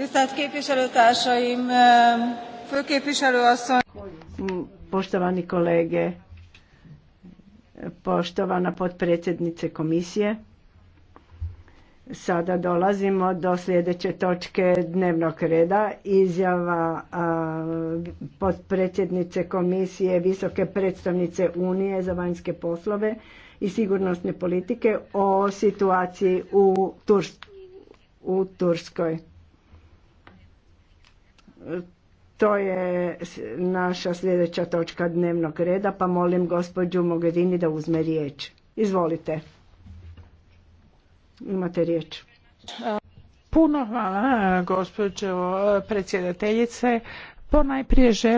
Tisztelt képviselőtársaim, főképviselő asszony. Poštovani kolege, poštovana potpredsjednice komisije, Sada dolazimo do sljedeće točke dnevnog reda, izjava potpredsjednice komisije Visoke predstavnice Unije za vanjske poslove i sigurnosne politike o situaciji u Turskoj. To je naša sljedeća točka dnevnog reda, pa molim gospođu mogedini da uzme riječ. Izvolite. Imate riječ. Puno hvala, gospođo eh, predsjedateljice. Ponajprije želim